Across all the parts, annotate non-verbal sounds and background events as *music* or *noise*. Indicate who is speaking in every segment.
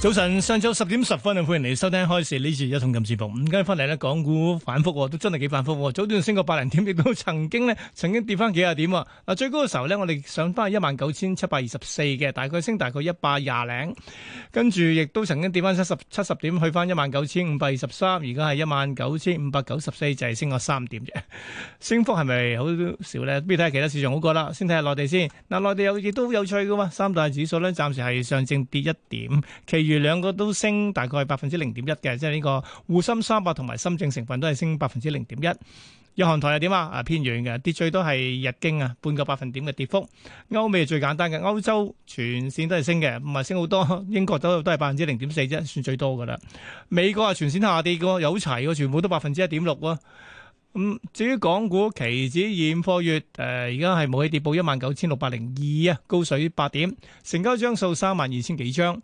Speaker 1: 早晨，上晝十點十分啊，歡迎嚟收聽開市呢次一桶金直播。唔今日翻嚟咧，港股反覆、哦、都真係幾反覆、哦。早段升過百零點，亦都曾經呢，曾經跌翻幾廿點啊、哦。最高嘅時候呢，我哋上翻係一萬九千七百二十四嘅，大概升大概一百廿零。跟住亦都曾經跌翻七十七十點，去翻一萬九千五百二十三，而家係一萬九千五百九十四，就係升咗三點啫。升幅係咪好少呢？不如睇下其他市場好過啦，先睇下內地先。嗱，內地有亦都有趣嘅喎。三大指數呢，暫時係上證跌一點，餘兩個都升，大概係百分之零點一嘅，即係呢個滬深三百同埋深證成分都係升百分之零點一。日韓台又點啊？啊偏軟嘅，跌最多係日經啊，半個百分點嘅跌幅。歐美係最簡單嘅，歐洲全線都係升嘅，唔係升好多。英國都都係百分之零點四啫，算最多噶啦。美國係全線下跌嘅喎，有齊喎，全部都百分之一點六喎。咁、嗯、至於港股期指現貨月，誒而家係冇起跌，報一萬九千六百零二啊，高水八點，成交張數三萬二千幾張。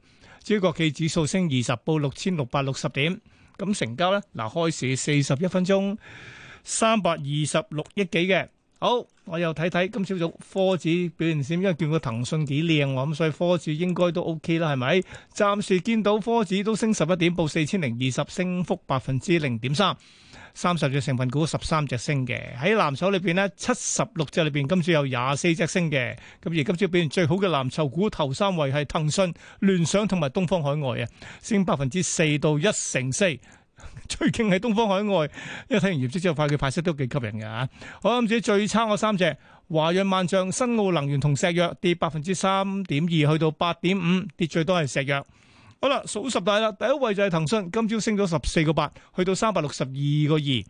Speaker 1: 主要國企指數升二十，報六千六百六十點。咁成交呢，嗱開市四十一分鐘，三百二十六億幾嘅。好，我又睇睇今朝早科指表現點，因為見個騰訊幾靚喎，咁所以科指應該都 O K 啦，係咪？暫時見到科指都升十一點，報四千零二十，升幅百分之零點三。三十隻成分股十三隻升嘅，喺藍籌裏邊呢，七十六隻裏邊今次有廿四隻升嘅，咁而今次表現最好嘅藍籌股頭三位係騰訊、聯想同埋東方海外啊，升百分之四到一成四，4, 最勁係東方海外。一睇完業績之後，發現佢派息都幾吸引㗎吓。好，諗住最差嗰三隻華潤萬象、新奧能源同石藥跌百分之三點二，去到八點五，跌最多係石藥。好啦，數十大啦，第一位就係騰訊，今朝升咗十四個八，去到三百六十二個二。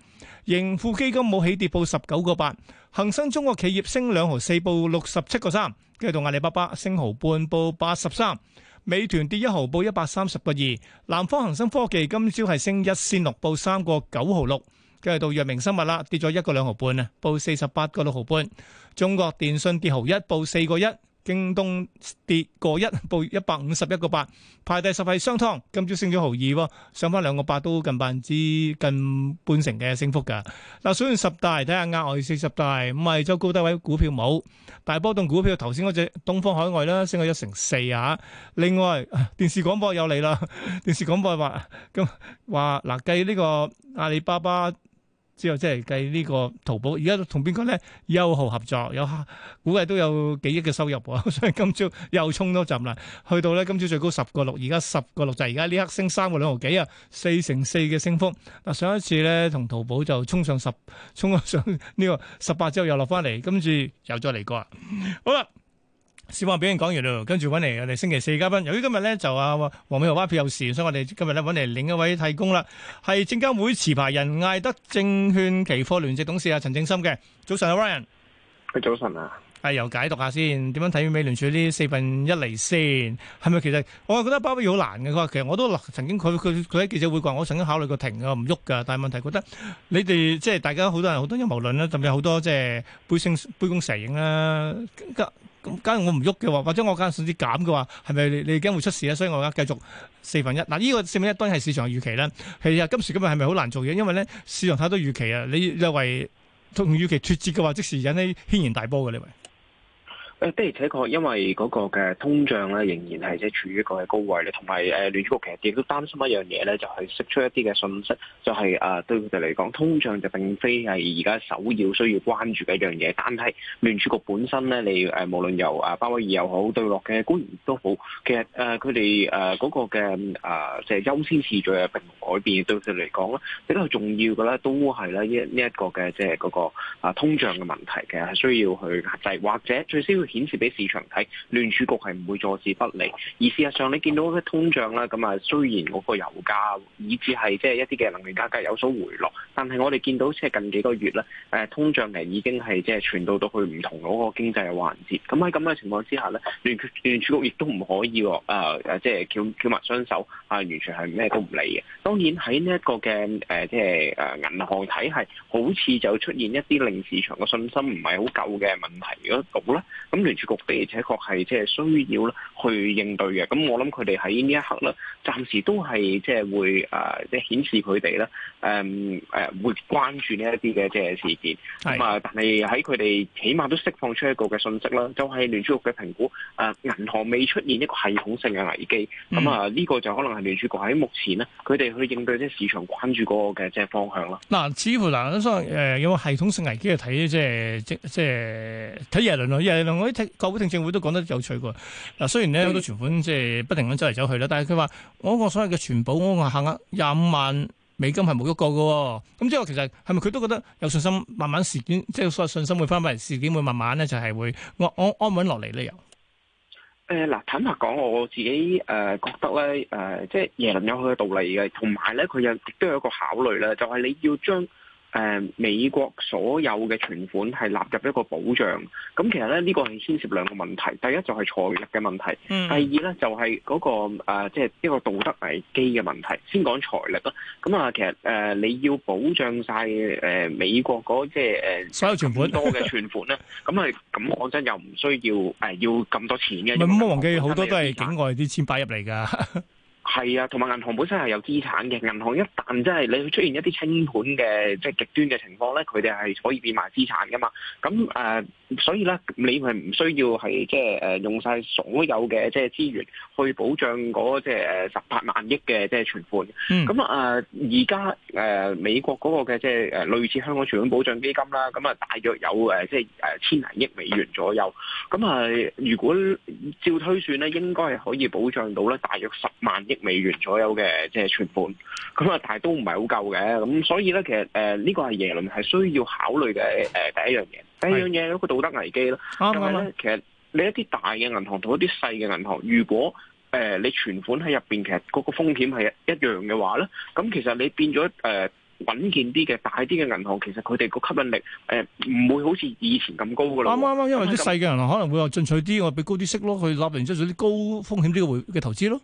Speaker 1: 盈富基金冇起跌，報十九個八。恒生中國企業升兩毫四，報六十七個三。跟住到阿里巴巴升毫半，報八十三。美團跌一毫，報一百三十個二。南方恒生科技今朝係升一仙六，報三個九毫六。跟住到藥明生物啦，跌咗一個兩毫半啊，報四十八個六毫半。中國電信跌毫一，報四個一。京東跌個一，報一百五十一個八，排第十係商湯，今朝升咗毫二喎，上翻兩個八都近百分之近半成嘅升幅㗎。嗱，數完十大睇下額外四十大，咁咪周高低位股票冇，大波動股票頭先嗰隻東方海外啦，升咗一成四啊。另外電視廣播又嚟啦，電視廣播話咁話嗱，計呢個阿里巴巴。之後即係計呢個淘寶，而家同邊個咧優豪合作，有估計都有幾億嘅收入喎， *laughs* 所以今朝又衝多陣啦，去到咧今朝最高十個六，而家十個六就係而家呢刻升三個兩毫幾啊，四成四嘅升幅。嗱，上一次咧同淘寶就衝上十，衝上呢個十八之後又落翻嚟，跟住又再嚟過啦。好啦。小班表演講完啦，跟住揾嚟我哋星期四嘉賓。由於今日咧就阿黃美華巴菲有事，所以我哋今日咧揾嚟另一位替工啦，係證監會持牌人艾德證券期貨聯席董事啊陳正深嘅。早晨阿 Ryan 誒，Ryan、
Speaker 2: 早晨啊。
Speaker 1: 誒、哎，又解讀下先，點樣睇美聯儲呢四分一嚟先？係咪其實我係覺得巴菲好難嘅？佢話其實我都曾經佢佢佢喺記者會話，我曾經考慮過停，我唔喐噶。但係問題覺得你哋即係大家好多人好多陰謀論啦，甚至好多即係杯升杯弓蛇影啦。假如我唔喐嘅話，或者我間甚至減嘅話，係咪你你驚會出事咧？所以我而家繼續四分一。嗱，呢、這個四分一當然係市場預期啦。係啊，今時今日係咪好難做嘢？因為咧市場太多預期啊。你認為同預期脫節嘅話，即時引起軒然大波嘅你認為。
Speaker 2: 誒的而且確，因為嗰個嘅通脹咧仍然係即係處於一個高位咧，同埋誒聯儲局其實亦都擔心一樣嘢咧，就係釋出一啲嘅信息，就係、是、誒對佢哋嚟講，通脹就並非係而家首要需要關注嘅一樣嘢。但係聯儲局本身咧，你誒無論由啊鮑威爾又好，對落嘅官員都好，其實誒佢哋誒嗰個嘅誒即係優先次序係並冇改變。對佢哋嚟講咧，比較重要嘅咧都係咧呢呢一個嘅即係嗰個啊通脹嘅問題嘅係需要去壓制或者最少。顯示俾市場睇，聯儲局係唔會坐視不理。而事實上，你見到嘅通脹啦，咁啊，雖然嗰個油價以至係即係一啲嘅能源價格有所回落，但係我哋見到即係近幾個月咧，誒通脹係已經係即係傳導到去唔同嗰個經濟嘅環節。咁喺咁嘅情況之下咧，聯聯儲局亦都唔可以，啊、呃，即係翹翹埋雙手啊，完全係咩都唔理嘅。當然喺呢一個嘅誒、呃，即係誒銀行體系，好似就出現一啲令市場嘅信心唔係好夠嘅問題嗰度咧。咁聯儲局的而且確係即係需要咧去應對嘅，咁我諗佢哋喺呢一刻咧，暫時都係即係會誒，即係顯示佢哋咧，誒誒會關注呢一啲嘅即係事件。咁啊是，但係喺佢哋起碼都釋放出一個嘅訊息啦，就係、是、聯儲局嘅評估誒，銀行未出現一個系統性嘅危機。咁啊、嗯，呢個就可能係聯儲局喺目前咧，佢哋去應對即係市場關注嗰個嘅即係方向咯。
Speaker 1: 嗱、嗯，似乎嗱，南、呃、有冇系統性危機去睇，即係即係睇耶倫，耶倫。喺國會聽證會都講得有趣嘅，嗱，雖然咧好、嗯、多存款即係不停咁走嚟走去啦，但係佢話我我所謂嘅全保我個限額廿五萬美金係冇喐過嘅，咁即係其實係咪佢都覺得有信心慢慢事件，即、就、係、是、所有信心會翻翻嚟，事件會慢慢咧就係、是、會安安安穩落嚟呢？又、
Speaker 2: 呃？誒，嗱坦白講，我自己誒、呃、覺得咧誒、呃，即係耶倫有佢嘅道理嘅，同埋咧佢有亦都有，有一個考慮咧，就係、是、你要將。誒、呃、美國所有嘅存款係納入一個保障，咁其實咧呢個係牽涉兩個問題，第一就係財力嘅問題，嗯、第二咧就係、是、嗰、那個即係、呃就是、一個道德危機嘅問題。先講財力啦，咁、嗯、啊、呃、其實誒、呃、你要保障晒誒、呃、美國嗰即係誒
Speaker 1: 所有存款多嘅存
Speaker 2: 款咧，咁係咁講真又唔需要誒、呃、要咁多錢嘅。咁啊，忘記好多都係
Speaker 1: 境外啲錢擺入嚟㗎。 *laughs*
Speaker 2: 係啊，同埋銀行本身係有資產嘅。銀行一旦即係你出現一啲清盤嘅即係極端嘅情況咧，佢哋係可以變賣資產噶嘛。咁誒、呃，所以咧，你係唔需要係即係誒用晒所有嘅即係資源去保障嗰即係十八萬億嘅即係存款。咁啊、嗯，而家誒美國嗰個嘅即係誒類似香港存款保障基金啦，咁啊、呃、大約有誒即係誒千零億美元左右。咁啊、呃，如果照推算咧，應該係可以保障到咧大約十萬億。美元左右嘅，即係存款，咁、呃、啊，但係都唔係好夠嘅，咁、嗯、所以咧，其實誒呢、呃這個係耶倫係需要考慮嘅誒第一樣嘢，第二樣嘢係一個道德危機啦。啱唔啱？其實你、呃、一啲大嘅銀行同一啲細嘅銀行，如果誒你存款喺入邊，其實嗰個風險係一樣嘅話咧，咁其實你變咗誒穩健啲嘅大啲嘅銀行，其實佢哋個吸引力誒唔、呃、會好似以前咁高噶啦。啱啱啱，因為啲
Speaker 1: 細嘅銀行可能會話進取啲，我俾高啲息咯，去立入出係啲高風險啲嘅投嘅投資咯。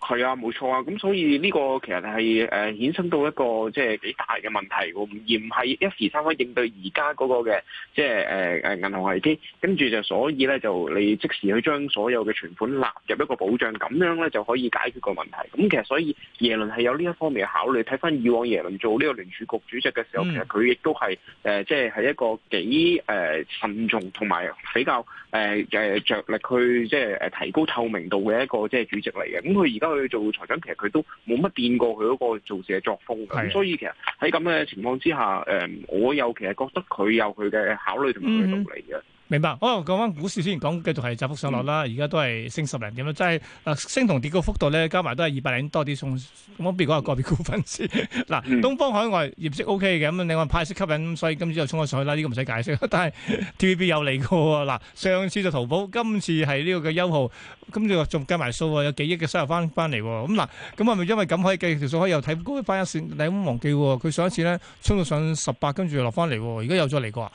Speaker 2: 係啊，冇錯啊，咁所以呢個其實係誒衍生到一個即係幾大嘅問題，而唔係一時三刻應對而家嗰個嘅即係誒誒銀行危機，跟住就所以咧就你即時去將所有嘅存款納入一個保障，咁樣咧就可以解決個問題。咁其實所以耶倫係有呢一方面嘅考慮，睇返以往耶倫做呢個聯儲局主席嘅時候，其實佢亦都係誒即係係一個幾誒慎重同埋比較誒誒着力去即係誒提高透明度嘅一個即係主席嚟嘅。咁佢而家，去做財長，其實佢都冇乜變過佢嗰個做事嘅作風，咁所以其實喺咁嘅情況之下，誒，我又其實覺得佢有佢嘅考慮同埋佢道
Speaker 1: 理嘅。明白。哦，講翻股市先，講繼續係窄幅上落啦。而家都係升十零點啦，即係嗱升同跌個幅度咧，加埋都係二百零多啲送。咁我譬如講個別股份先，嗱，東方海外業績 O K 嘅，咁你話派息吸引，所以今次就衝咗上去啦。呢個唔使解釋。但係 T V B 又嚟過喎，嗱上次就淘寶，今次係呢個嘅優酷，今次仲計埋數喎，有幾億嘅收入翻翻嚟喎。咁嗱，咁係咪因為咁可以計條數，可以又睇高翻一線？你咁忘記喎？佢上一次咧衝到上十八，跟住落翻嚟，而家又再嚟過啊？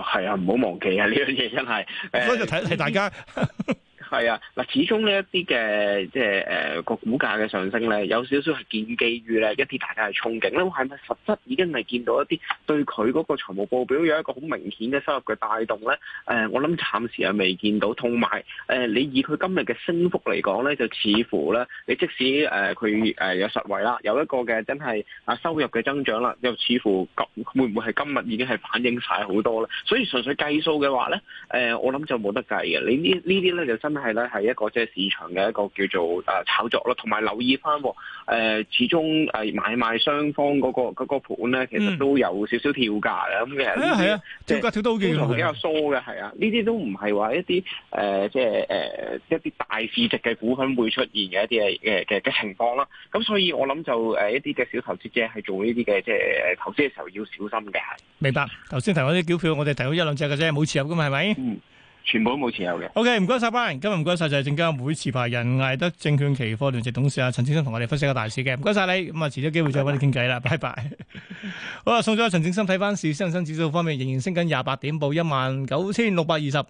Speaker 2: 係啊，唔好、哦、忘記啊！呢樣嘢真係，呃、所以就睇睇、呃、大家。 *laughs* 係啊，嗱、嗯，始終呢一啲嘅即係誒個股價嘅上升咧，有少少係建基於咧一啲大家嘅憧憬啦。係咪實質已經係見到一啲對佢嗰個財務報表有一個好明顯嘅收入嘅帶動咧？誒、呃，我諗暫時係未見到。同埋誒，你以佢今日嘅升幅嚟講咧，就似乎咧，你即使誒佢誒有實惠啦，有一個嘅真係啊收入嘅增長啦，又似乎會會今會唔會係今日已經係反映晒好多咧？所以純粹計數嘅話咧，誒、呃，我諗就冇得計嘅。你呢呢啲咧就真係～係咧，係一個即係市場嘅一個叫做誒炒作咯，同埋留意翻誒，uh, 始終誒買賣雙方嗰、那個嗰個盤咧，其實都有、嗯、少少跳價啦。咁嘅，係、嗯、啊，跳價跳都好正常，比較疏嘅，係啊。呢啲都唔係話一啲誒，即係誒一啲大市值嘅股份會出現嘅一啲誒嘅嘅情況啦。咁所以我諗就誒、呃、一啲嘅小投資者係做呢啲嘅即係投資嘅時候要小心嘅。
Speaker 1: 明白。頭先提嗰啲股票，我哋提到一兩隻嘅啫，冇持有噶嘛，係咪？ *noise* 全部都冇持有嘅。O.K. 唔該晒，Brian，今日唔該晒，就係證監會持牌人艾德 *noise* 證券期貨聯席董事啊陳正新，同我哋分析個大市嘅。唔該晒你咁啊，遲咗機會再揾你傾偈啦， *noise* 拜拜。 *laughs* 好啊，送咗阿陳正新睇翻市，恒生指數方面仍然升緊廿八點，報一萬九千六百二十，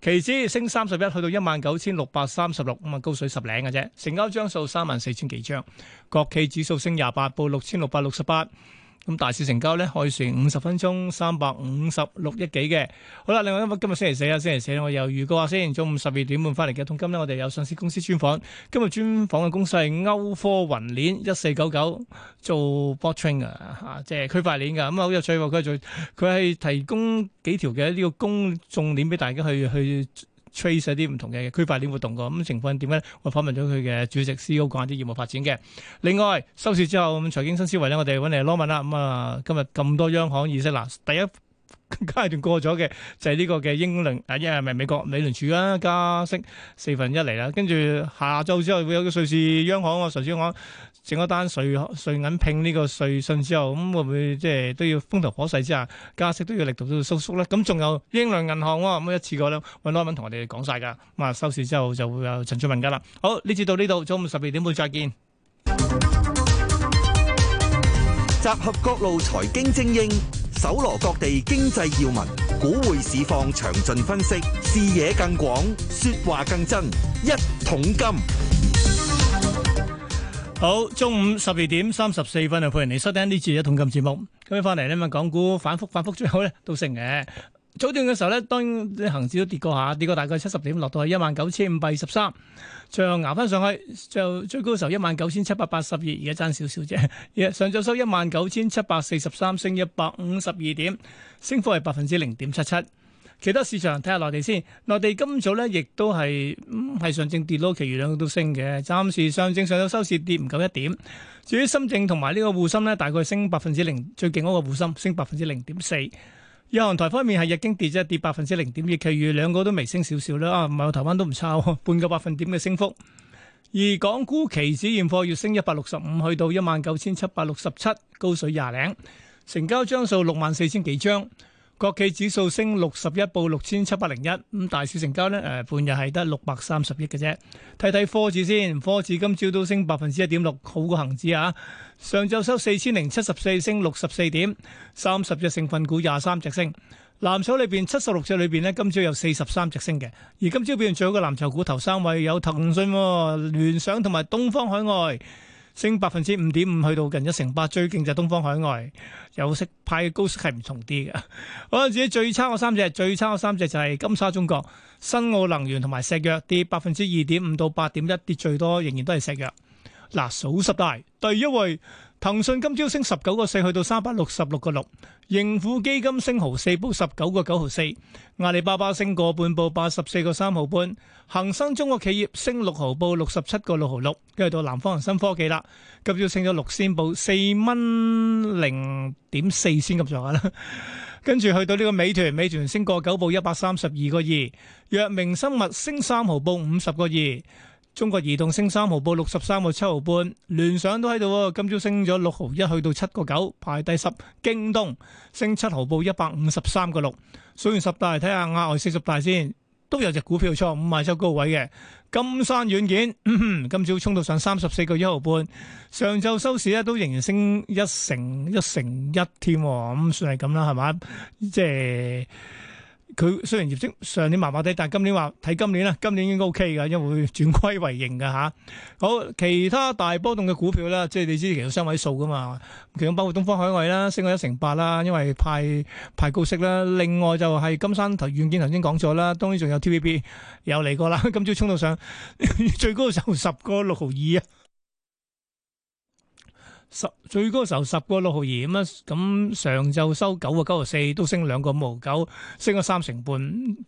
Speaker 1: 期指升三十一，去到一萬九千六百三十六，咁啊高水十零嘅啫。成交張數三萬四千幾張，國企指數升廿八，報六千六百六十八。咁大市成交咧，可以算五十分鐘三百五十六億幾嘅。好啦，另外今日星期四啊，星期四我又預告下，星期五中午十二點半翻嚟嘅通今日我哋有上市公司專訪。今日專訪嘅公司係歐科雲鏈一四九九，做 block chain 啊，即係區塊鏈㗎。咁啊好有趣喎，哦，佢做佢係提供幾條嘅呢個公眾鏈俾大家去去。trace 一啲唔同嘅區塊鏈活動嘅咁情況點咧？我訪問咗佢嘅主席、CEO 講下啲業務發展嘅。另外收市之後，財經新思維咧，我哋揾嚟羅問啦。咁、嗯、啊，今日咁多央行議息嗱，第一階段過咗嘅就係呢個嘅英倫啊，一係咪美國美聯儲啊加息四分一嚟啦？跟住下晝之後會有瑞士央行啊，瑞士央行。整一單稅稅銀拼呢個稅訊之後，咁會唔會即係都要風頭火勢之下加息都要力度到收縮咧？咁仲有英倫銀行咁一次過咧，溫羅文同我哋講晒噶。咁啊，收市之後就會有陳俊文噶啦。好，呢次到呢度，中午十二點半再見。集合各路財經精英，搜羅各地經濟要聞，股匯市況詳盡分析，視野更廣，說話更真，一桶金。好，中午十二點三十四分啊，歡迎你收聽一節一同呢次嘅《一桶金節目》。今日翻嚟呢，咪港股反复反复，最後呢，都升嘅。早段嘅時候呢，當啲恒指都跌過下，跌過大概七十點，落到係一萬九千五百二十三，最后捱翻上去，就最，最高嘅時候 19, 2, 一萬九千七百八十二，而家爭少少啫。上晝收一萬九千七百四十三，升一百五十二點，升幅係百分之零點七七。其他市場睇下內地先，內地今早咧亦都係係、嗯、上證跌咯，其餘兩個都升嘅。暫時上證上晝收市跌唔夠一點。至於深證同埋呢個滬深咧，大概升百分之零，最勁嗰個滬深升百分之零點四。日韓台方面係日經跌啫，跌百分之零點二，其餘兩個都微升少少啦。唔係我台灣都唔差喎、啊，半個百分點嘅升幅。而港股期指現貨月升一百六十五，去到一萬九千七百六十七，高水廿零，成交張數六萬四千幾張。國企指數升六十一，報六千七百零一。咁大市成交呢，誒、呃，半日係得六百三十億嘅啫。睇睇科指先，科指今朝都升百分之一點六，好過恒指啊。上晝收四千零七十四，升六十四點，三十隻成份股廿三隻升。藍籌裏邊七十六隻裏邊呢，今朝有四十三隻升嘅。而今朝表現最好嘅藍籌股頭三位有騰訊、哦、聯想同埋東方海外。升百分之五點五，去到近一成八，最勁就係東方海外有色派嘅高息係唔同啲嘅，我自己最差嗰三隻，最差嗰三隻就係金沙中國、新奧能源同埋石藥，跌百分之二點五到八點一，1, 跌最多，仍然都係石藥。嗱，數十大第一位，騰訊今朝升十九個四，去到三百六十六個六。盈富基金升毫四，報十九個九毫四。阿里巴巴升個半，報八十四個三毫半。恒生中國企業升六毫，報六十七個六毫六。跟住到南方恒生科技啦，今朝升咗六仙，報四蚊零點四仙。咁上下啦。跟住去到呢個美團，美團升個九，報一百三十二個二。藥明生物升三毫，報五十個二。中國移動升三毫，報六十三個七毫半，聯想都喺度，今朝升咗六毫一，去到七個九，排第十。京東升七毫，報一百五十三個六。數完十大，睇下額外四十大先，都有隻股票創五日新高位嘅。金山軟件 *laughs* 今朝衝到上三十四個一毫半，上晝收市咧都仍然升一成一成一添，咁算係咁啦，係咪？即係。佢雖然業績上年麻麻地，但係今年話睇今年啦，今年應該 O K 㗎，因為會轉虧為盈㗎吓。好，其他大波動嘅股票咧，即係你知，其實雙位數噶嘛，其中包括東方海外啦，升咗一成八啦，因為派派高息啦。另外就係金山頭軟件頭先講咗啦，當然仲有 T V B 又嚟過啦，今朝衝到上最高時候十個六毫二啊！十最高嘅時候十個六毫二咁啊，咁、嗯嗯、上晝收九個九毫四，都升兩個五毫九，升咗三成半。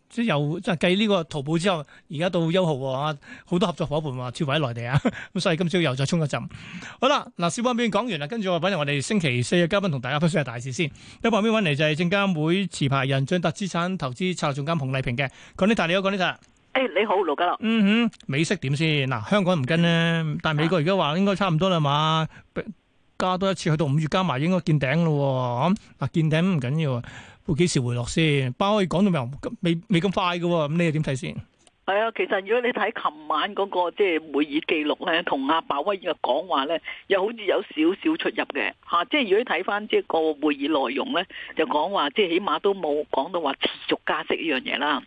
Speaker 1: 即又即係計呢個淘寶之後，而家到優號啊，好多合作夥伴話撤位喺內地啊，咁所以今朝又再衝一浸。好啦，嗱小波邊講完啦，跟住我，反正我哋星期四嘅嘉賓同大家分析下大事先。一旁邊揾嚟就係證監會持牌人駿達資產投資策略總監洪麗萍嘅，鄺女士你好，鄺女
Speaker 3: 士。你好，盧嘉樂。嗯哼，
Speaker 1: 美息點先？嗱，香港唔跟呢，但係美國而家話應該差唔多啦嘛。加多一次，去到五月加埋，應該見頂咯。咁啊，見頂唔緊要，會幾時回落先？包可以講到未？咁未咁快嘅，咁你又點睇先？
Speaker 3: 係啊，其實如果你睇琴晚嗰個即係會議記錄咧，同阿鮑威爾講話咧，又好似有少少出入嘅嚇、啊。即係如果睇翻即係個會議內容咧，就講話即係起碼都冇講到話持續加息呢樣嘢啦。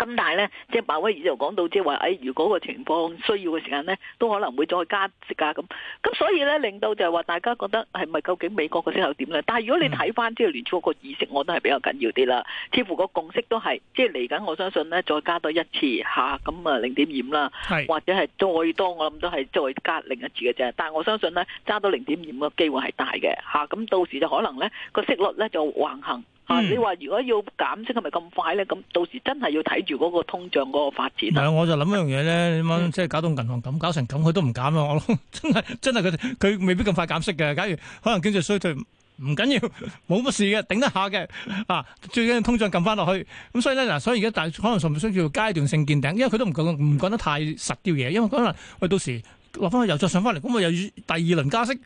Speaker 3: 咁但係咧，即係鮑威爾就講到就，即係話，誒，如果個情況需要嘅時間咧，都可能會再加息啊，咁，咁所以咧，令到就係話，大家覺得係咪究竟美國個息口點咧？但係如果你睇翻、嗯、即係聯儲局個意識，我都係比較緊要啲啦，似乎個共識都係，即係嚟緊，我相信咧再加多一次吓，咁啊零點二五啦，是或者係再多，我諗都係再加另一次嘅啫。但係我相信咧，揸到零點二五嘅機會係大嘅吓，咁、啊、到時就可能咧、個息率咧就橫行。嗯、你話如果要減息是是，係咪咁快咧？咁到時真係要睇住嗰個通脹嗰個發展，
Speaker 1: 啊。係啊、嗯，我就諗一樣嘢咧，點樣即係搞到銀行咁，搞成咁，佢都唔減啦！我諗真係真係佢佢未必咁快減息嘅。假如可能經濟衰退唔緊要，冇乜事嘅，頂得下嘅。啊，最緊要通脹撳翻落去。咁所以咧，嗱，所以而家大可能甚至需要階段性見頂，因為佢都唔講唔講得太實啲嘢，因為可能喂，到時落翻去又再上翻嚟，咁啊又要第二輪加息，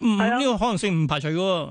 Speaker 1: 嗯呢、啊、個可能性唔排除嘅。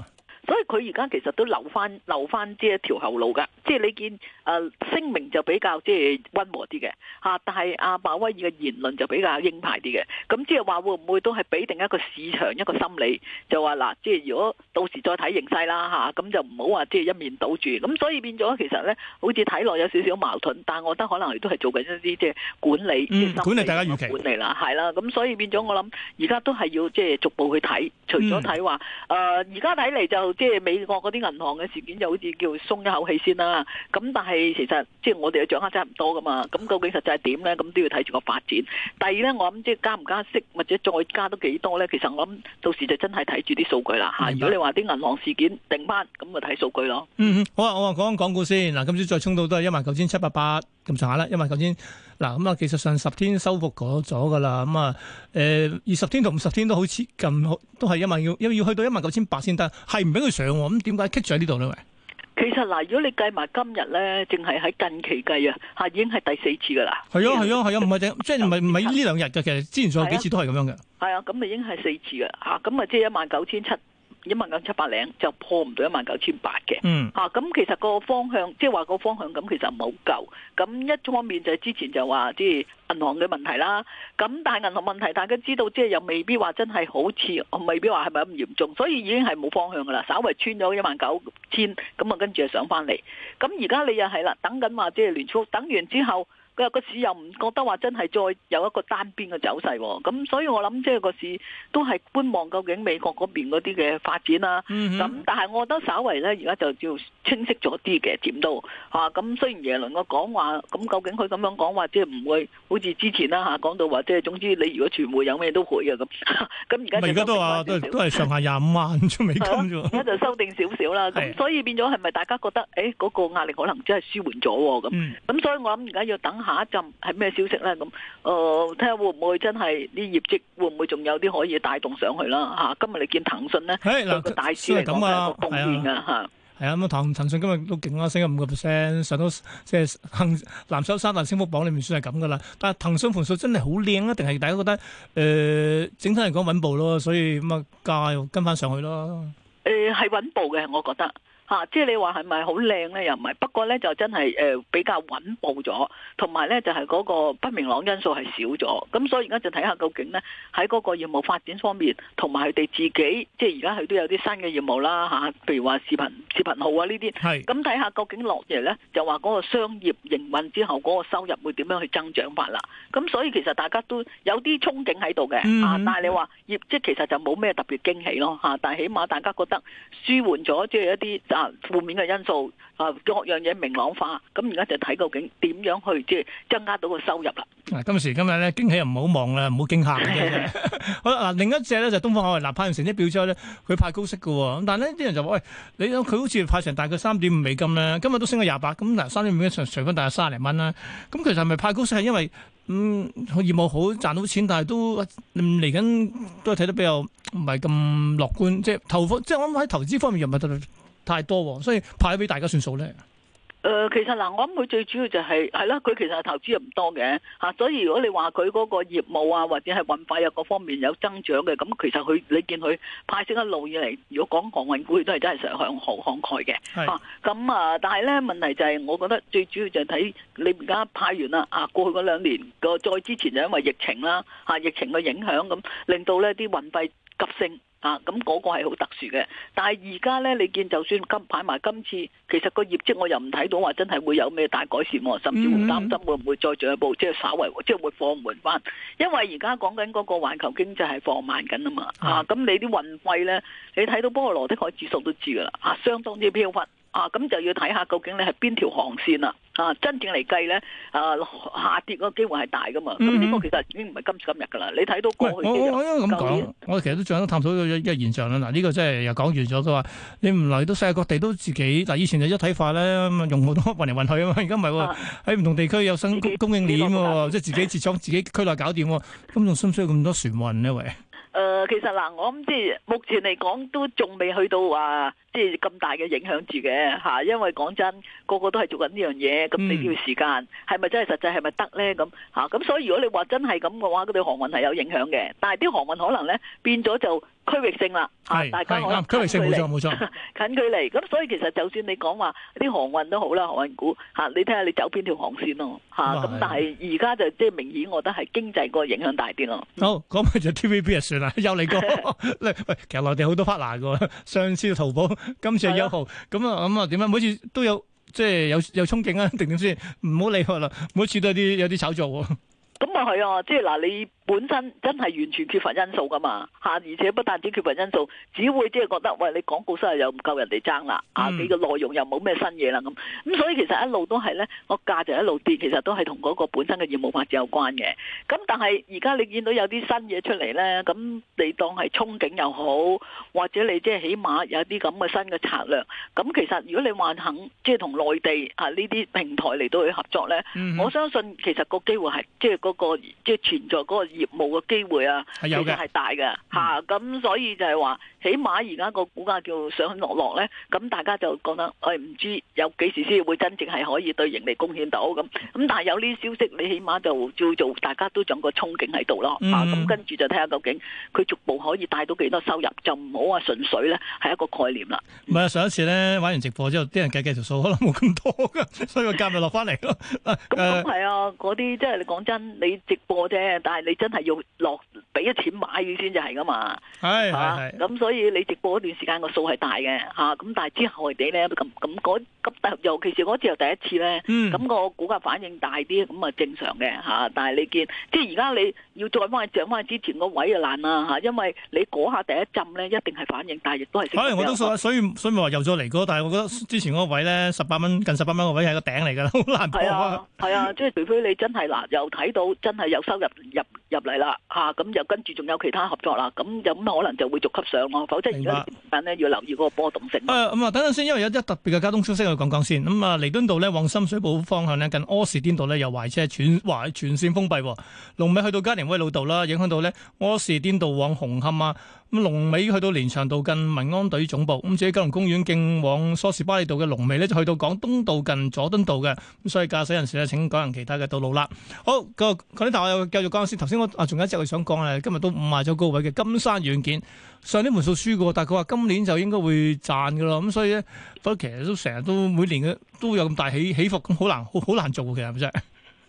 Speaker 3: 所以佢而家其實都留翻留翻即係一條後路㗎，即係你見誒、呃、聲明就比較即係溫和啲嘅嚇，但係阿、啊、馬威爾嘅言論就比較鷹派啲嘅，咁即係話會唔會都係俾定一個市場一個心理，就話嗱，即係如果到時再睇形勢啦嚇，咁、啊、就唔好話即係一面倒住，咁所以變咗其實咧，好似睇落有少少矛盾，但我覺得可能都係做緊一啲即係管理，嗯、理管理大家要管理啦，係啦，咁所以變咗我諗而家都係要即係逐步去睇，除咗睇話誒，而家睇嚟就。呃即係美國嗰啲銀行嘅事件，就好似叫鬆一口氣先啦、啊。咁但係其實即係我哋嘅掌握真係唔多噶嘛。咁究竟實際係點咧？咁都要睇住個發展。第二咧，我諗即係加唔加息，或者再加都幾多咧。其實我諗到時就真係睇住啲數據啦吓。白如果你話啲銀行事件定翻，咁咪睇數據咯。嗯
Speaker 1: 嗯，好啊，我話講講故先。嗱，今朝再沖到都係一萬九千七百八咁上下啦，一萬九千。嗱，咁啊、嗯，其實上十天收復嗰咗噶啦，咁、嗯、啊，誒二十天同五十天都好似咁，都係一萬要，因為要去到一萬九千八先得，係唔俾佢上喎，咁點解棘住喺呢度呢？喂，
Speaker 3: 其實嗱，如果你計埋今日咧，淨係喺近期計啊，嚇已經係第四次噶啦。
Speaker 1: 係啊，係啊，係啊，唔係、啊、 *laughs* 即係唔係唔係呢兩日嘅，其實之前仲有幾次都係咁樣嘅。
Speaker 3: 係啊，咁啊已經係四次嘅嚇，咁啊即係一萬九千七。一萬九七百零就破唔到一萬九千八嘅，嚇。咁其實個方向，即係話個方向，咁其實唔係好夠。咁一方面就係之前就話即係銀行嘅問題啦。咁但係銀行問題大家知道即係又未必話真係好似，未必話係咪咁嚴重。所以已經係冇方向噶啦，稍微穿咗一萬九千咁啊，跟住就上翻嚟。咁而家你又係啦，等緊話即係聯儲，等完之後。又個市又唔覺得話真係再有一個單邊嘅走勢喎、啊，咁所以我諗即係個市都係觀望究竟美國嗰邊嗰啲嘅發展啦、啊。咁、嗯、哼但係我覺得稍微咧而家就要清晰咗啲嘅點都嚇。咁、啊、雖然耶倫個講話，咁究竟佢咁樣講話即係唔會好似之前啦嚇講到話即係總之你如果全部有咩都會嘅、啊、咁。咁而家都話都係上
Speaker 1: 下廿五萬美金
Speaker 3: 而家 *laughs* 就收定少少啦。咁所以變咗係咪大家覺得誒嗰、欸那個壓力可能真係舒緩咗咁、啊？咁、嗯、所以我諗而家要等。下一陣係咩消息咧？咁，誒，睇下會唔會真係啲業績會唔會仲有啲可以帶動上去啦？吓，今日你見騰訊咧，對個大市嚟講係一個貢獻嘅
Speaker 1: 吓。係啊，咁啊，騰訊今日都勁啦，升咗五個 percent，上到即係恒藍籌三大升幅榜裏面算係咁噶啦。但係騰訊盤數真係好靚啊，定係大家覺得誒，整體嚟講穩步咯，所以咁啊價又跟翻上去咯。
Speaker 3: 誒，係穩步嘅，我覺得。嚇、啊！即係你話係咪好靚咧？又唔係。不過咧就真係誒、呃、比較穩步咗，同埋咧就係、是、嗰個不明朗因素係少咗。咁所以而家就睇下究竟咧喺嗰個業務發展方面，同埋佢哋自己，即係而家佢都有啲新嘅業務啦嚇。譬、啊、如話視頻視頻號啊呢啲，咁睇下究竟落嚟咧就話嗰個商業營運之後嗰、那個收入會點樣去增長法啦。咁所以其實大家都有啲憧憬喺度嘅，但係你話業績其實就冇咩特別驚喜咯嚇、啊。但係起碼大家覺得舒緩咗，即、就、係、是、一啲。啊，負面嘅因素啊，各樣嘢明朗化，咁而家就睇究竟點樣去即係增加到個收入啦。
Speaker 1: 嗱，今時今日咧，驚喜又唔好望啦，唔好驚吓嘅啫。好啦，嗱，另一隻咧就東方海維東方海外嗱，派完成績表之後咧，佢派高息嘅，咁但係咧啲人就話喂，你想佢好似派成大概三點五美金咧，今日都升咗廿八，咁嗱三點五美金除除翻大約卅零蚊啦。咁其實係咪派高息係因為嗯業務好賺到錢，但係都嚟緊都係睇得比較唔係咁樂觀，即係投方即係我諗喺投資方面又咪得太多，所以派俾大家算數咧。
Speaker 3: 誒、呃，其實嗱，我諗佢最主要就係係啦，佢其實投資又唔多嘅嚇、啊，所以如果你話佢嗰個業務啊，或者係運費啊各方面有增長嘅，咁、嗯、其實佢你見佢派息一路以嚟，如果講航運股，都係真係實向好慷慨嘅嚇。咁的啊，但係咧問題就係、是，我覺得最主要就係睇你而家派完啦啊，過去嗰兩年個再之前就因為疫情啦嚇、啊，疫情嘅影響咁、嗯，令到呢啲運費急升。啊，咁嗰個係好特殊嘅，但係而家咧，你見就算今排埋今次，其實個業績我又唔睇到話真係會有咩大改善，甚至會擔心會唔會再進一步，即係稍微即係會放緩翻，因為而家講緊嗰個環球經濟係放慢緊啊嘛，啊，咁你啲運費咧，你睇到波羅的海指數都知噶啦，啊，相當之飄忽。啊，咁就要睇下究竟你係邊條航線啦、啊。啊，真正嚟計咧，啊下跌個機會係大噶嘛。咁呢、嗯、個其實已經唔係今時今
Speaker 1: 日噶啦。你睇到過去我我咁講，我，我，竟我其實都仲有探討一個一,一現象啦。嗱，呢個真係又講完咗，佢話你唔留意到世界各地都自己。嗱，以前就一體化咧，用好多運嚟運去啊嘛。而家唔係喎，喺唔、啊、同地區有新供應鏈，即係自己設廠、自己區內搞掂、啊，咁仲需唔需要咁多船運呢？喂？
Speaker 3: 誒、呃，其實嗱、呃，我諗即係目前嚟講都仲未去到話、啊、即係咁大嘅影響住嘅吓，因為講真，個個都係做緊呢樣嘢，咁你都要時間，係咪真係實際係咪得咧？咁吓，咁所以如果你話真係咁嘅話，佢對航運係有影響嘅，但係啲航運可能咧變咗就。區域性啦，係，大家可以近距離，冇錯冇錯，近距離。咁所以其實就算你講話啲航運都好啦，航運股嚇，你睇下你走邊條航線咯嚇。咁但係而家就即係明顯，我覺得係經濟個影響大啲咯。
Speaker 1: 好，講埋就 T V B 就算啦，有你哥，喂，其實內地好多 partner 嘅喎，上次係淘寶，今次係優酷，咁啊咁啊點啊？每次都有即係有有憧憬啊，定點先？唔好理佢啦，每次都係啲有啲炒作。
Speaker 3: 咁啊係啊，即係嗱，你本身真係完全缺乏因素噶嘛嚇，而且不但止缺乏因素，只會即係覺得喂，你廣告收入又唔夠人哋爭啦，嗯、啊，你個內容又冇咩新嘢啦咁，咁所以其實一路都係咧，個價值一路跌，其實都係同嗰個本身嘅業務發展有關嘅。咁但係而家你見到有啲新嘢出嚟咧，咁你當係憧憬又好，或者你即係起碼有啲咁嘅新嘅策略，咁其實如果你還肯即係同內地啊呢啲平台嚟到去合作咧，我相信其實個機會係即係嗰、嗰個即係存在嗰個業務嘅機會啊，係有嘅，係大嘅吓。咁所以就係話。起碼而家個股價叫上上落落咧，咁大家就覺得誒唔知有幾時先會真正係可以對盈利貢獻到咁咁，但係有呢消息，你起碼就叫做大家都有個憧憬喺度咯，啊咁跟住就睇下究竟佢逐步可以帶到幾多收入，就唔好話純粹
Speaker 1: 咧係一個概念啦。唔係啊，上一次咧玩完直播之後，啲人計計條數可能冇咁多噶。 *laughs* 所以個價咪落翻嚟咯。咁
Speaker 3: 係啊，嗰啲即係你講真，diz, crazy, 你直播啫，但係你真係要落俾錢買佢先就係噶嘛。
Speaker 4: 係咁
Speaker 3: 所所以你直播嗰段時間個數係大嘅嚇，咁但係之後地咧咁咁嗰急，尤其是嗰次又第一次咧，咁個股價反應大啲，咁啊正常嘅嚇。但係你見即係而家你要再翻去漲翻去之前個位就難啦嚇，因為你嗰下第一浸咧一定係反應，但係亦都係。可能我都所以
Speaker 1: 所以咪話又再嚟過，但係我覺得之前嗰個位咧十八蚊近十八蚊個位係個頂嚟㗎啦，好難破。係啊，
Speaker 3: 係啊，即係除非你真係難又睇到真係有收入入入嚟啦嚇，咁又跟住仲有其他合作啦，咁咁可能就會逐級上咯。否則而家時間要留
Speaker 1: 意嗰個波動性。誒咁啊，等等先，因為有一啲特別嘅交通消息講講，我講講先。咁啊，彌敦道呢往深水埗方向咧近柯士甸道呢又壞車全壞全線封閉，哦，龍尾去到加連威老道啦，影響到呢柯士甸道往紅磡啊。咁龍尾去到連翔道近民安隊總部，咁至於九龍公園徑往梳士巴利道嘅龍尾咧，就去到廣東道近佐敦道嘅，咁所以駕駛人士咧，請改行其他嘅道路啦。好，嗰啲大係又繼續講先講。頭先我啊仲有一隻嘢想講啊，今日都唔賣咗高位嘅金山軟件，上年盤數輸過，但係佢話今年就應該會賺噶咯。咁所以咧，不過其實都成日都每年嘅都有咁大起起伏，咁好難，好好難做嘅，係咪先？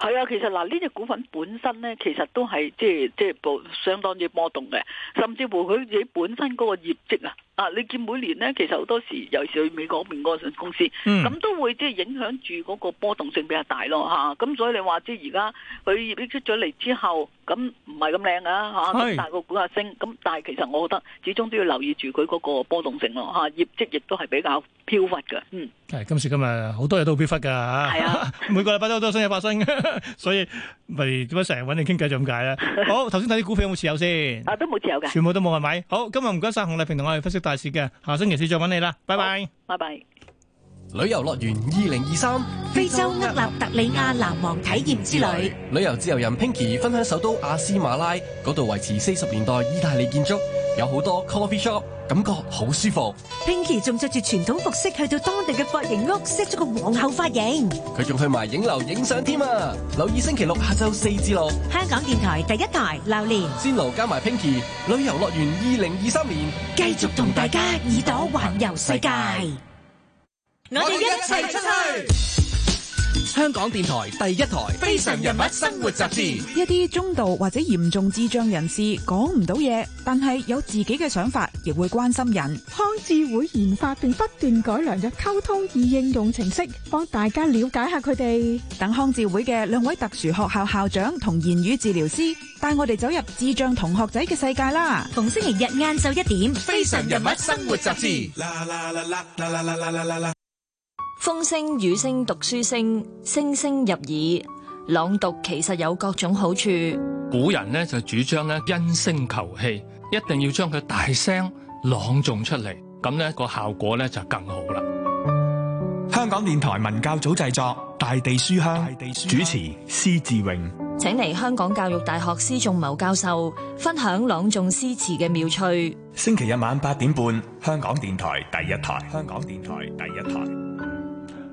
Speaker 3: 係啊，其實嗱，呢隻股份本身咧，其實都係即係即係波，相當之波動嘅，甚至乎佢自己本身嗰個業績啊。啊！你見每年咧，其實好多時，尤其是去美國嗰邊上市公司，咁都會即係影響住嗰個波動性比較大咯吓。咁所以你話即係而家佢業績出咗嚟之後，咁唔係咁靚啊吓，但個股價升。咁但係其實我覺得始終都要留意住佢嗰個波動性咯吓，業績亦都係比較飄忽噶。嗯，
Speaker 1: 係今時今日好多嘢都好飄忽噶。係啊，每個禮拜都好多新嘢發生，所以咪點解成日揾你傾偈就咁解啦。好，頭先睇啲股票有冇持有先？啊，都冇持有嘅，全部都冇係咪？好，今日唔該晒洪麗萍同我哋分析。大事嘅，下星期四再揾你啦，拜拜，拜拜。旅遊樂園二零二三，非洲
Speaker 4: 厄立特里亞難忘體驗之 *music* 旅。
Speaker 1: 旅遊自由人 Pinky 分享首都阿斯
Speaker 2: 馬拉嗰度維持四十年代意大利建築。有好多 coffee shop，感覺好舒服。
Speaker 3: Pinky 仲着住傳統服飾去到當地嘅髮型屋 set 咗個皇后髮型。佢
Speaker 2: 仲去埋影樓影相添啊！留意星期六下晝四至六，香港電台第一
Speaker 3: 台流年，仙奴加埋 Pinky，旅遊樂園二零二三年繼續同大家耳朵環遊世界。
Speaker 4: 我哋一齊出去。
Speaker 3: 香港電台第一台《非常人物生活雜誌》，一啲中度或者嚴重智障人士講唔到嘢，但係有自己嘅想法，亦會關心人。
Speaker 4: 康智會研發並不斷改良嘅溝通易應用程式，幫大家了
Speaker 3: 解下佢哋。等康智會嘅兩位特殊學校校長同言語治療師帶我哋走入智障同學仔嘅世界啦。逢星期日
Speaker 4: 晏晝一點，《非常人物
Speaker 3: 生活雜誌》。風聲、雨聲、讀書聲，聲聲入耳。朗讀其實有各種好處。
Speaker 1: 古人呢就主張呢因聲求氣，一定要將佢大聲朗誦出嚟，咁呢個效果呢就更好啦。香港電台文教組製作《大地書香》書香，主持施志榮，
Speaker 3: 請嚟香港教育大學施仲謀教授分享朗誦詩詞嘅妙趣。
Speaker 1: 星期日晚八點半，香港電台第一台。香港電台第一台。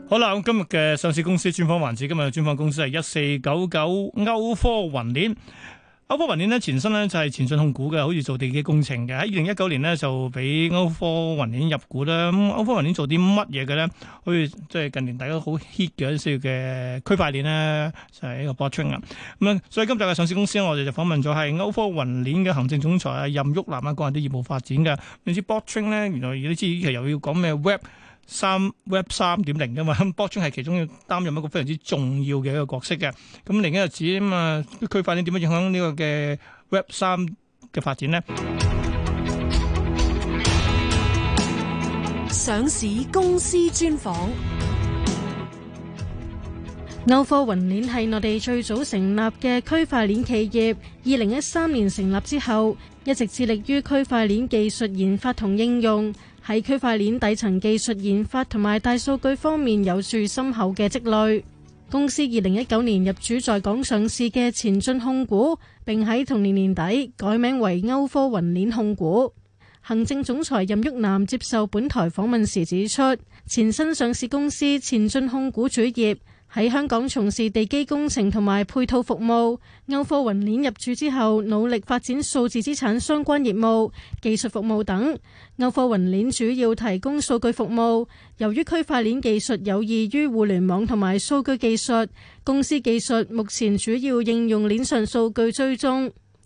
Speaker 1: 好啦，今日嘅上市公司專訪環節，今日嘅專訪公司係一四九九歐科雲鏈。歐科雲鏈呢，前身呢就係前進控股嘅，好似做地基工程嘅。喺二零一九年呢就俾歐科雲鏈入股啦。咁歐科雲鏈做啲乜嘢嘅咧？好似即係近年大家好 hit 嘅一啲嘅區塊鏈咧，就係呢個 botching 啊。咁啊，所以今日嘅上市公司，我哋就訪問咗係歐科雲鏈嘅行政總裁啊任旭南啊，關於啲業務發展嘅。你知 botching 咧，原來你知其實又要講咩 web？三 Web 三點零啊嘛，Blockchain 係其中要擔任一個非常之重要嘅一個角色嘅。咁，另一個指咁啊，區塊鏈點樣影響呢個嘅 Web 三嘅發展呢？
Speaker 4: 上市公司專訪，歐科雲鏈係我哋最早成立嘅區塊鏈企業。二零一三年成立之後，一直致力於區塊鏈技術研發同應用。喺區塊鏈底層技術研發同埋大數據方面有住深厚嘅積累。公司二零一九年入主在港上市嘅前進控股，並喺同年年底改名為歐科雲鏈控股。行政總裁任旭南接受本台訪問時指出，前身上市公司前進控股主業，喺香港從事地基工程同埋配套服務，歐科雲鏈入駐之後，努力發展數字資產相關業務、技術服務等。歐科雲鏈主要提供數據服務，由於區塊鏈技術有異於互聯網同埋數據技術，公司技術目前主要應用鏈上數據追蹤。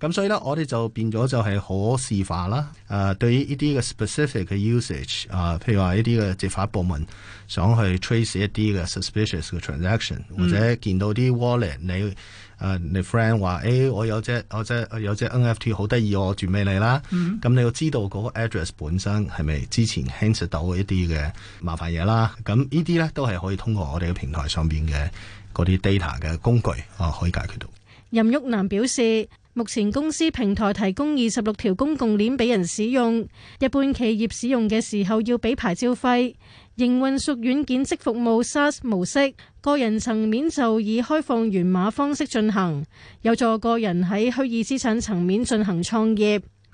Speaker 5: 咁所以咧，我哋就變咗就係可視化啦。誒、呃，對於呢啲嘅 specific 嘅 usage，誒、呃，譬如話呢啲嘅執法部門想去 trace 一啲嘅 suspicious 嘅 transaction，、嗯、或者見到啲 wallet，你誒、呃、你 friend 話：誒、欸，我有隻我隻有隻 NFT 好得意，我轉俾你啦。咁、嗯、你要知道嗰個 address 本身係咪之前 handle 到嘅一啲嘅麻煩嘢啦？咁呢啲咧都係可以通過我哋嘅平台上邊嘅嗰啲 data 嘅工具啊、呃，可以解決到。
Speaker 4: 任玉南表示。目前公司平台提供二十六條公共鏈俾人使用，一般企業使用嘅時候要俾牌照費，營運屬軟件即服務 SaaS 模式，個人層面就以開放源碼方式進行，有助個人喺虛擬資產層面進行創業。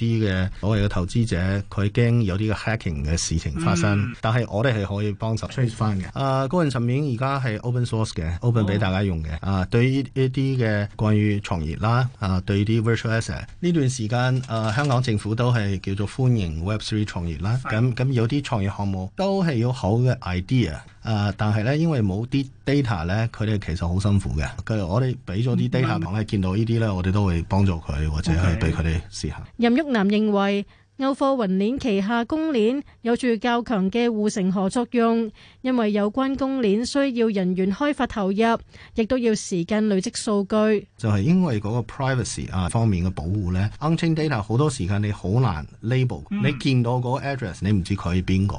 Speaker 5: 啲嘅所謂嘅投資者，佢驚有啲嘅 hacking 嘅事情發生，嗯、但係我哋係可以幫手 trace 翻嘅。嗯、啊，個人層面而家係 open source 嘅，open 俾、哦、大家用嘅。啊，對於呢啲嘅關於創業啦，啊，對於啲 virtual asset 呢段時間，啊，香港政府都係叫做歡迎 Web3 創業啦。咁咁的有啲創業項目都係有好嘅 idea。啊、呃！但係咧，因為冇啲 data 咧，佢哋其實好辛苦嘅。佢我哋俾咗啲 data 佢咧，嗯、見到呢啲咧，我哋都會幫助佢或者係俾佢哋試下。
Speaker 4: 任煜南認為，歐科雲鏈旗下公鏈有住較強嘅護城河作用，因為有關公鏈需要人員開發投入，亦都要時間累積數據。
Speaker 5: 就係因為嗰個 privacy 啊方面嘅保護咧，unclear data 好多時間你好難 label、嗯。你見到嗰個 address，你唔知佢係邊個。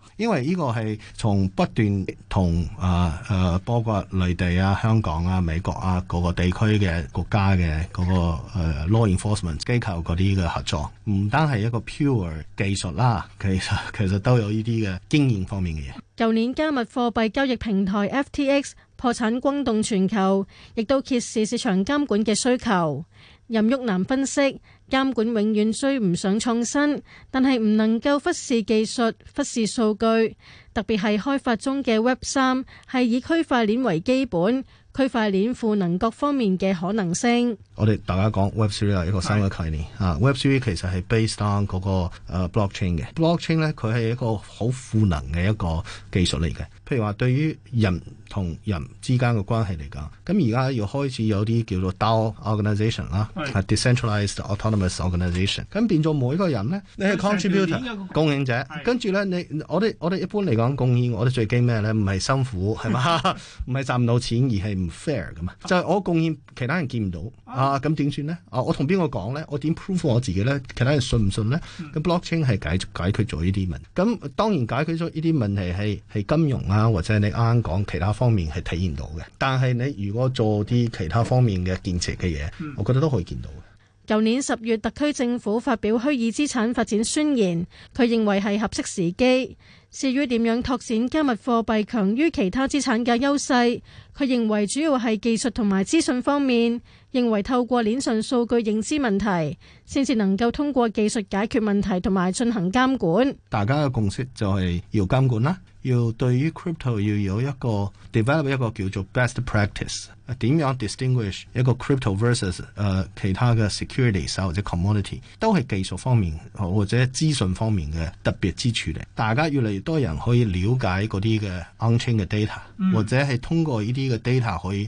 Speaker 5: 因為呢個係從不斷同啊誒，包括內地啊、香港啊、美國啊嗰、那個地區嘅國家嘅嗰、那個、啊、law enforcement 機構嗰啲嘅合作，唔單係一個 pure 技術啦、啊，其實其實都有呢啲
Speaker 4: 嘅經驗方面嘅嘢。舊年加密貨幣交易平台 FTX 破產轟動全球，亦都揭示市場監管嘅需求。任玉南分析。監管永遠追唔上創新，但係唔能夠忽視技術、忽視數據，特別係開發中嘅 Web 3，係以區塊鏈為基本。區塊鏈賦能各方面嘅可能性。
Speaker 5: 我哋大家講 Web3 係一個新嘅概念啊。Web3 其實係 based on 嗰個 blockchain 嘅 blockchain 咧，佢係一個好賦能嘅一個技術嚟嘅。譬如話，對於人同人之間嘅關係嚟講，咁而家要開始有啲叫做 DAO organisation 啦，係 decentralised autonomous organisation。咁變咗每個人咧，你係 contributor 貢獻者，跟住咧你我哋我哋一般嚟講貢獻，我哋最驚咩咧？唔係辛苦係嘛，唔係賺唔到錢而係。fair 噶嘛？Um、 *music* 就係我貢獻，其他人見唔到、oh. 啊！咁點算呢？啊，我同邊個講呢？我點 prove 我自己呢？其他人信唔信呢？咁 blockchain 係解解決咗呢啲問題。咁當然解決咗呢啲問題係係金融啊，或者你啱啱講其他方面係體現到嘅。但係你如果做啲其他方面嘅建設嘅嘢，我覺得都可以見到嘅。
Speaker 4: 舊 *music* 年十月，特區政府發表虛擬資產發展宣言，佢認為係合適時機。至於點樣拓展加密貨幣強於其他資產嘅優勢，佢認為主要係技術同埋資訊方面。認為透過鏈上數據認知問題，先至能夠通過技術解決問題同埋進行監管。
Speaker 5: 大家嘅共識就係要監管啦，要對於 crypto 要有一個 develop 一個叫做 best practice，點樣 distinguish 一個 crypto versus 誒、呃、其他嘅 securities 或者 commodity，都係技術方面或者資訊方面嘅特別之處嚟。大家越嚟越多人可以了解嗰啲嘅 on-chain data，或者係通過呢啲嘅 data 可以。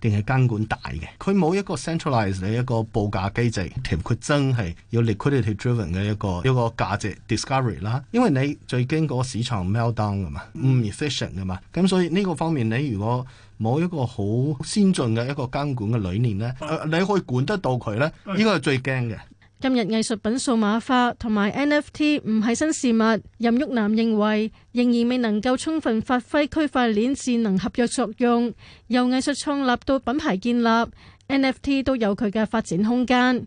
Speaker 5: 定係監管大嘅，佢冇一個 centralized 嘅一個報價機制，佢真係有 liquidity driven 嘅一個一個價值 discovery 啦。因為你最驚嗰個市場 meltdown 㗎、mm. 嘛，唔 efficient 㗎嘛，咁所以呢個方面你如果冇一個好先進嘅一個監管嘅理念咧、mm. 啊，你可以管得到佢咧，呢、mm. 個係最驚嘅。
Speaker 4: 今日藝術品數碼化同埋 NFT 唔係新事物，任旭南認為仍然未能夠充分發揮區塊鏈智能合約作用。由藝術創立到品牌建立，NFT 都有佢嘅發展空間。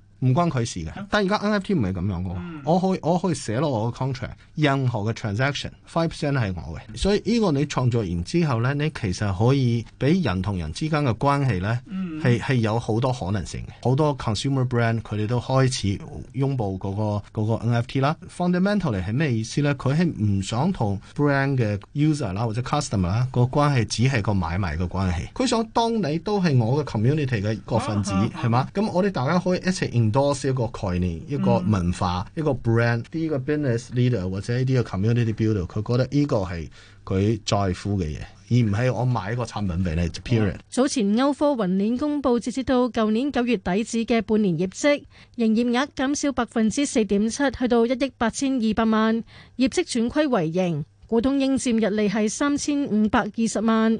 Speaker 5: 唔關佢事嘅，但而家 NFT 唔係咁樣嘅、嗯，我可以我可以寫落我個 contract，任何嘅 transaction five percent 係我嘅，所以呢個你創作完之後咧，你其實可以俾人同人之間嘅關係咧，係係、嗯、有好多可能性嘅，好多 consumer brand 佢哋都開始擁抱、嗰個、嗰個 NFT 啦。嗯、Fundamentally 係咩意思咧？佢係唔想同 brand 嘅 user 啦或者 customer 啦個關係只係個買賣嘅關係，佢想當你都係我嘅 community 嘅個分子係嘛？咁我哋大家可以一齊多少個概念，一個文化，一個 brand，呢個 business leader 或者呢個 community builder，佢覺得呢個係佢在乎嘅嘢，而唔係我買一個產品俾你。Period。嗯、
Speaker 4: 早前歐科雲鏈公布截止到舊年九月底止嘅半年業績，營業額減少百分之四點七，去到一億八千二百萬，業績轉虧為盈，股東應佔溢利係三千五百二十萬。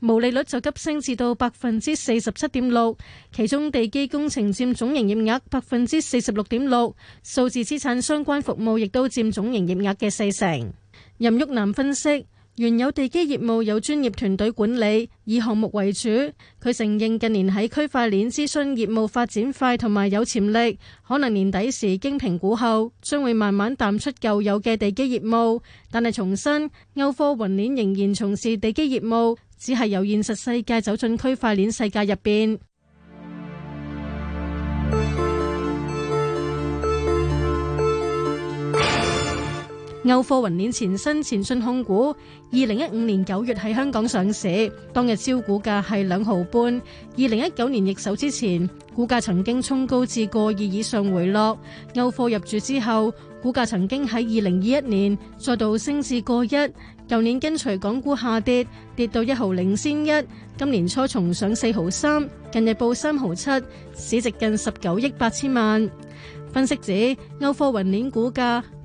Speaker 4: 毛利率就急升至到百分之四十七點六，其中地基工程佔總營業額百分之四十六點六，數字資產相關服務亦都佔總營業額嘅四成。任玉南分析，原有地基業務有專業團隊管理，以項目為主。佢承認近年喺區塊鏈諮詢業務發展快，同埋有潛力，可能年底時經評估後將會慢慢淡出舊有嘅地基業務。但係重申歐科雲鏈仍然從事地基業務。只係由現實世界走進區塊鏈世界入邊。 *noise* 歐科雲鏈前身前進控股，二零一五年九月喺香港上市，當日招股價係兩毫半。二零一九年易手之前，股價曾經衝高至個二以上，回落。歐科入駐之後。股價曾經喺二零二一年再度升至過一，舊年跟隨港股下跌，跌到一毫零先一，今年初重上四毫三，近日報三毫七，市值近十九億八千萬。分析指，歐科雲鏈股價。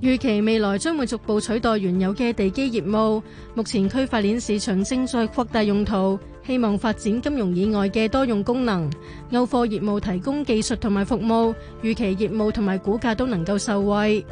Speaker 4: 預期未來將會逐步取代原有嘅地基業務，目前區塊鏈市場正在擴大用途，希望發展金融以外嘅多用功能，歐貨業務提供技術同埋服務，預期業務同埋股價都能夠受惠。